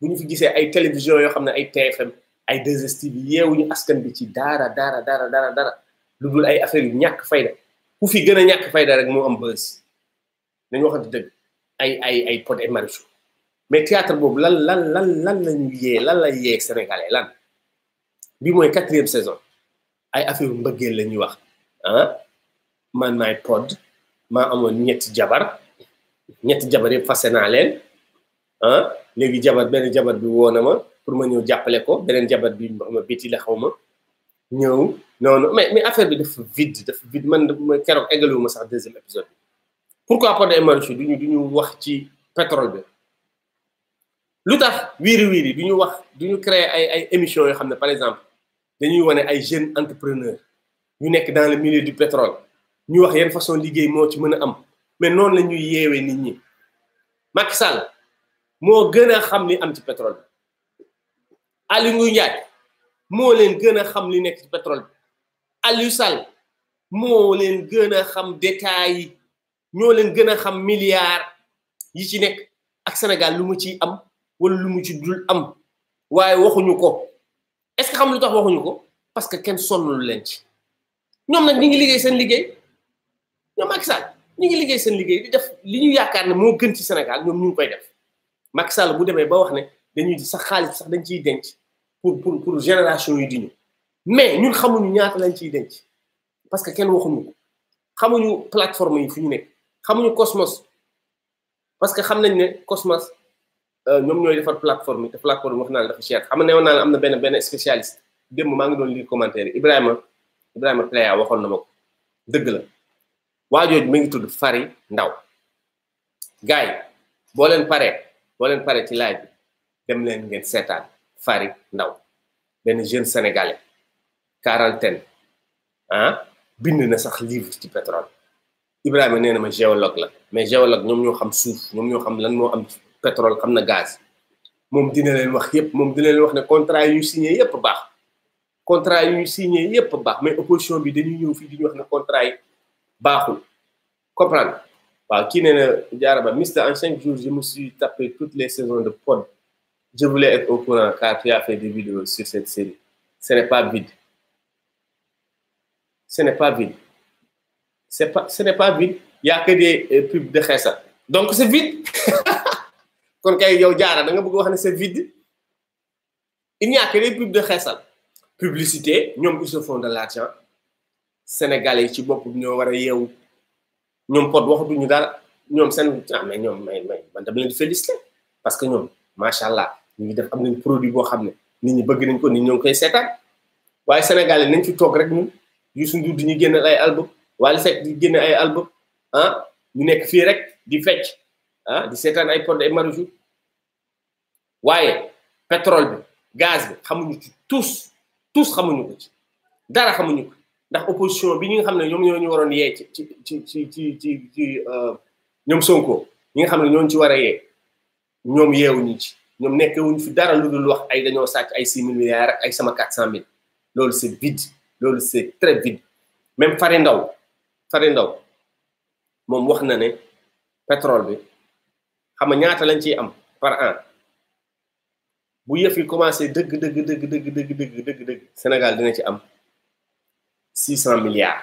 bu ñu fi gisee ay télévision yoo xam ne ay TFM ay 2STV yeewuñu askan bi ci dara dara dara dara dara lu dul ay affaire yu ñàkk fayda ku fi gën a ñàkk fayda rek moo am bës dañu waxante dëgg ay ay ay Pod et Marichou mais théâtre boobu lan lan lan lan lañu yee lan la yee sénégalais lan bi mooy quatrième saison ay affaire mbëggeel la ñuy wax ah man maay pod maa amoon ñetti jabar ñetti jabar yi fase naa leen ah léegi jabar benn jabar bi woo na ma pour ma ñëw jàppale ko beneen jabar bi ma xam ne biti la xaw ma ñëw noonu mais mais affaire bi dafa vide dafa vide man ma keroog éggaluwu ma sax deuxième épisode bi pourquoi Pod et Marichou duñu duñu wax ci pétrole bi lu tax wiiri wiiri ñu wax duñu créer ay ay émissions yoo xam ne par exemple dañuy wane ay jeunes entrepreneurs ñu nekk dans le milieu du pétrole ñu wax yenn façon liggéey moo ci mën a am mais noonu la ñuy yeewee nit ñi Macky moo gën a xam li am ci pétrole bi Aly Ngouille Ndiaye moo leen gën a xam li nekk ci pétrole bi Aliou sal moo leen gën a xam détails yi ñoo leen gën a xam milliards yi ci nekk ak Sénégal lu mu ciy am wala lu mu ci dul am waaye waxuñu ko est-ce que xam lu tax waxuñu ko parce que kenn sonnul leen ci ñoom nag ñi ngi liggéey seen liggéey ñoom Macky Sall ñi ngi liggéey seen liggéey di def li ñu yaakaar ne moo gën ci Sénégal ñoom ñu koy def Macky Sall bu demee ba wax ne dañuy sax xaalis sax dañ denc pour pour pour génération yi di mais ñun xamuñu ñaata lañ ciy denc parce que kenn waxuñu ko xamuñu plateforme yi fi ñu nekk xamuñu Cosmos parce que xam nañ ne Cosmos euh, ñoom ñooy defar plateforme yi te wax naa la dafa cher xam naa la am na benn benn spécialiste démb maa ngi doon lire commentaire yi Ibrahima Ibrahima Pleya waxoon na ma ko dëgg la waa jooju mi ngi tudd Fari Ndaw gars yi boo leen paree. boo leen pare ci live bi dem leen ngeen seetaan Farid Ndaw benn jeune sénégalais quarantaine ah bind na sax livre ci pétrole Ibrahima nee na ma géologue la mais géologue ñoom ñoo xam suuf ñoom ñoo xam lan moo am pétrole xam na gaz moom dina leen wax yépp moom dina leen wax ne contrat yu ñu signé yépp baax contrat yu ñu signé yépp baax mais opposition bi dañuy ñëw fii di ñu wax ne contrat yi baaxul comprendre qui en 5 jours, je me suis tapé toutes les saisons de pod. Je voulais être au courant car tu as fait des vidéos sur cette série. Ce n'est pas vide. Ce n'est pas vide. ce n'est pas vide. Il n'y a que des euh, pubs de Khessa. Donc c'est vide. Quand c'est vide. Il n'y a que des pubs de Khessa. Publicité, Nous, ils se font de l'argent. Sénégalais, tu nous sont ñoom Pod waxatuñu dara ñoom seen ah mais ñoom may may man dama leen di félicité parce que ñoom macha allah ñu ngi def am nañ produit boo xam ne ni ñu bëgg nañ ko nit ñoo ngi koy seetaan waaye Sénégal yi nañ ci toog rek ñun Youssou Ndour di ñu génne ay album Wally Seck di génne ay album ah ñu nekk fii rek di fecc ah di seetaan ay Pod ay Marichou waaye petrole bi gaz bi xamuñu ci tous tous xamuñu ko ci dara xamuñu ko. ndax opposition bi ñi xam ne ñoom ñoo ñu waroon yee ci ci ci ci ci ci ci euh, ñoom Sonko ñi nga xam ne ñooñu ci war a yee ñoom yeewuñu ci ñoom nekkewuñ fi dara lu dul wax ay dañoo sàcc ay six mille milliards ay sama quatre cent mille loolu c'est vide loolu c'est très vide même Fare Ndaw Fare Ndaw moom wax na ne pétrole bi xam nga ñaata lañ ciy am par an bu yëf yi commencé dëgg dëgg dëgg dëgg dëgg dëgg dëgg Sénégal dina ci am 600 milliards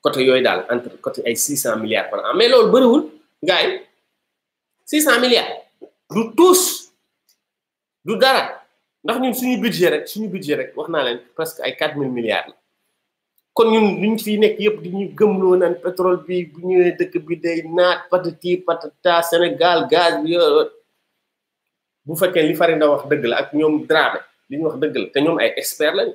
côté yoy dal entre côté ay 600 milliards par an mais loolu bëriwul gars 600 milliards du tous du dara ndax ñun suñu budget rek suñu budget rek waxna len presque ay 4000 milliards kon ñun ñu fi nek yépp di ñu lo nan pétrole bi bu ñëwé dëkk bi day naat patati patata Sénégal gaz bi bu fekké li Farida wax dëgg la ak ñom Dramé li ñu wax dëgg la té ñom ay expert lañu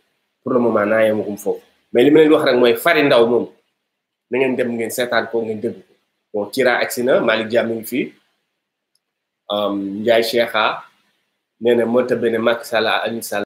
pour le moment naa yemagum foofu mais li ma leen wax rek mooy fari Ndaw moom na ngeen dem ngeen seetaan ko ngeen dégg ko bon Kira agsi na Malick Dia mi ngi fii Ndiaye Cheikha nee na mënta benn Macky Sall Aliou Sall